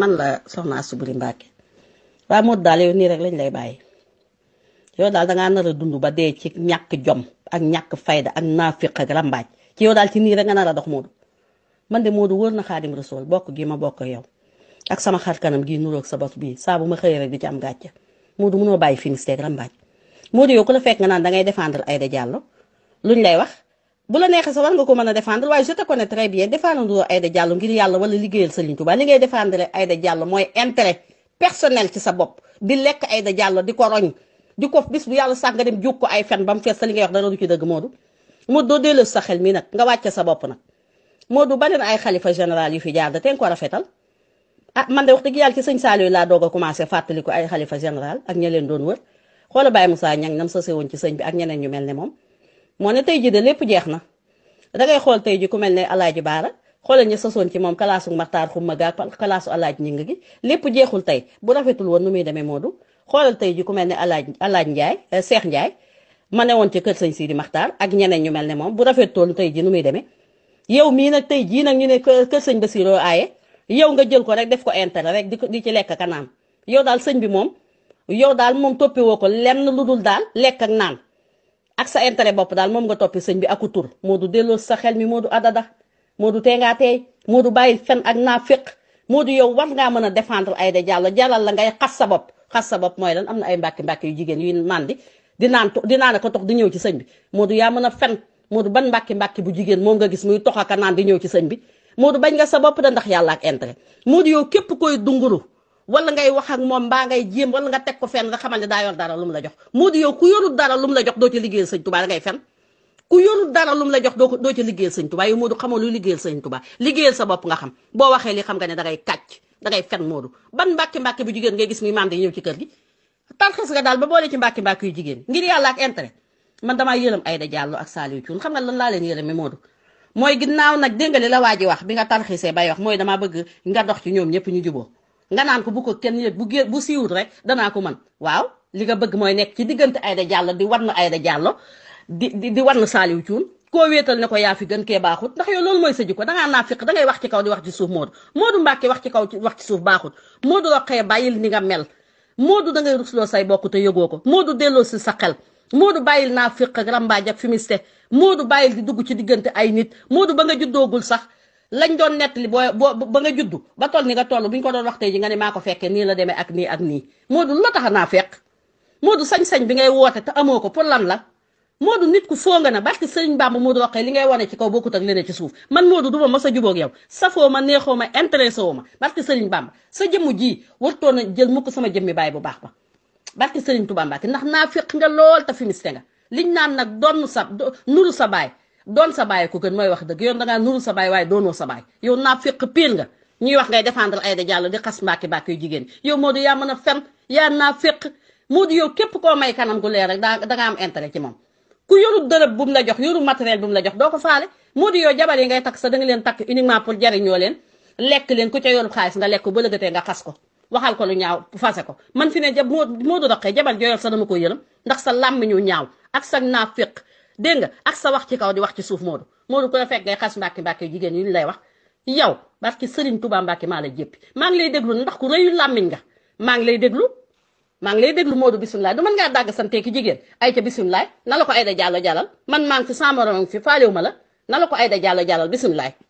man la soxna Astou Boury Mbacké waaw moo daal yow nii rek lañ lay bàyyi yow daal dangaa nar a dund ba dee ci ñàkk jom ak ñàkk fayda ak naafiq ak rambaaj ci yow daal ci nii rek nga nar a dox Modou man de Modou wóor na xaadim rasool bokk gi ma bokk yow ak sama xar kanam gi nuroog sa bos bii saa bu ma xëyee rek di ci am gàcce Modou munoo bàyyi fi mu rambaaj Modou yow ku la fekk nga naan dangay défendre Aïda Diallo luñ lay wax. bu la neexee sa war nga ko mën a défendre waaye je te connais très bien défendre loo Aïda Diallo ngir yàlla wala liggéeyal Serigne Touba li ngay défendre Aïda Diallo mooy intérêt personnel ci sa bopp di lekk Aïda Diallo di ko roñ di ko bis bu yàlla sax nga dem jóg ko ay fen ba mu fees sa li wax dara du ci dëgg Modou Modou doo sa xel mi nag nga wàcce sa bopp nag du ba leen ay xalifa général yu fi jaar da teen ko rafetal ah man de wax dëgg yàlla ci sëñ Saliou laa doog a commencé fàttali ko ay xalifa général ak leen doon wër xoola Baye Moussa Niang nam sa sewoon ci sëñ bi ak ñeneen ñu mel ne moom moo ne tey ji de lépp jeex na dangay xool tey ji ku mel ne alaaji baara xoolal ñi sosoon ci moom kalaasu martaar xumma gaa kalaasu alaaji ñing gi lépp jeexul tey bu rafetul woon nu muy demee moodu xoolal tey ji ku mel ne alaaj alaaj njaay eh, seex njaay ma ne woon ci kër sëñ Sidi Maxtaar ak ñeneen ñu mel ne moom bu rafetoon tey ji nu muy demee yow mii nag tey jii nag ñu ne kër sëñ Basiroo aaye yow nga jël ko rek def ko intérêt rek di di ci lekk ak yow daal sëñ bi moom yow daal moom toppewoo ko lenn lu dul daal lekk ak naan ak sa intérêt bopp daal moom nga toppi sëñ bi aku tur moo du delloo sa xel mi moo du adada moo du teengaa teey moo du bàyyi fen ak naafiq moo du yow war ngaa mën a défendre Aïda Diallo jalal la ngay xas sa bopp xas sa bopp mooy lan am na ay mbàkki mbàkki yu jigéen yuy màndi di naan di naan ko tox di ñëw ci sëñ moo yaa mën a fen moo du ban mbàkki mbàkki bu jigéen moom nga gis muy tox ak naan di ñëw ci sëñ bi moo du bañ nga sa bopp da ndax yàlla ak intérêt moo du yow képp koy dunguru wala ngay wax ak moom baa ngay jéem wala nga teg ko fenn nga xamal ne daa yor dara lu mu la jox moo di yow ku yorul dara lu mu la jox doo ci liggéeyal sëñ Tuubaa da ngay fen ku yorul dara lu mu la jox doo doo ci liggéeyal sëñ Tuubaa yow Moodu xamoo luy sa bopp nga xam boo waxee li xam nga ne da ngay kàcc da ngay fen Moodu ban mbàkki mbàkki bu jigéen ngay gis muy maam day ñëw ci daal ba boole ci mbàkki mbàkki yu jigéen ngir yàlla ak intérêt man damaa yërëm Aïda Diallo ak Saliou Thioune xam nga lan laa leen yërëme Moodu mooy ginnaaw nag dégg nga la waa ji wax bi nga tarxisee bay wax mooy damaa bëgg nga dox ci ñëpp ñu nga naan ko bu ko kenn yëg bu gé bu siiwut rek danaa ko man waaw li nga bëgg mooy nekk ci diggante ay Aïda Diallo di wan na Aïda Diallo di di di wan na Saliou Thioune koo wéetal ne ko yaa fi gën kee baaxut ndax yow loolu mooy sa jikko dangaa naafiq dangay wax ci kaw di wax ci suuf Modou Modou Mbacke wax ci kaw wax ci suuf baaxut Modou Rokhaya bàyyil ni nga mel Modou dangay rusloo say bokk te yëgoo ko moo Modou delloo si sa xel moo Modou bàyyil naafiq ak rambaaj ak fumiste Modou bàyyil di dugg ci diggante ay nit Modou ba nga juddoogul sax lañ doon nettali boo boo ba nga juddu ba toll ni nga toll bu ñu ko doon wax tey ji nga ne maa ko fekkee nii la demee ak nii ak nii moo lu la tax naa moo du sañ-sañ bi ngay woote te amoo ko pour lan la moo du nit ku foo nga na barki Sëriñ Bamba Modou waxee li ngay wane ci kaw bokkut ak leneen ci suuf man Modou du ma mës a jubóog yow safoo ma neexoo ma intéressé woo ma barki Sëriñ Bamba sa jëmmu ji wartoon na jël mukk sama jëmmi baay bu baax ba barki Sëriñ Tuubaa Mbàkke ndax naa fekk nga lool te fi nga liñ naan nag doon sa nuru sa baay doon sa baay ku gën mooy wax dëgg yoon dangaa nuru sa baay waaye doonoo sa baay nga ñuy wax ngay défendre Aïda Diallo di xas mbàkki mbàkk yu moo yow yaa mën a fen yaa naa fekk Modou yow képp koo may kanam gu leer rek daa dangaa am intérêt ci moom ku yoru dërëb bu la jox yoru matériel bu mu la jox doo ko faale moo yow jabar yi ngay takk sa da nga leen takk uniquement pour jariñoo leen lekk leen ku ca yoru xaalis nga lekk ba lëggatee nga xas ko waxal ko lu ñaaw fase ko man fi ne ja Modou Rokhaya jabar jooyal sa dama ko yërëm ndax sa làmmiñu ñaaw ak sa naa dégg nga ak sa wax ci kaw di wax ci suuf moo Modou ku la fekk ngay xas mbàkki mbàkki jigéen yi ñu lay wax yow parce que Serigne Touba Mbàkke maa la jéppi maa ngi lay déglu ndax ku rëyu làmmiñ nga maa ngi lay déglu maa ngi lay déglu Modou bisimilah du mën ngaa dàgg sante jigéen ay ca bisimilah na la ko Aïda Diallo jàllal man maa ngi fi sama morom fi faalewu ma la na la ko Aïda Diallo jàllal bisimilah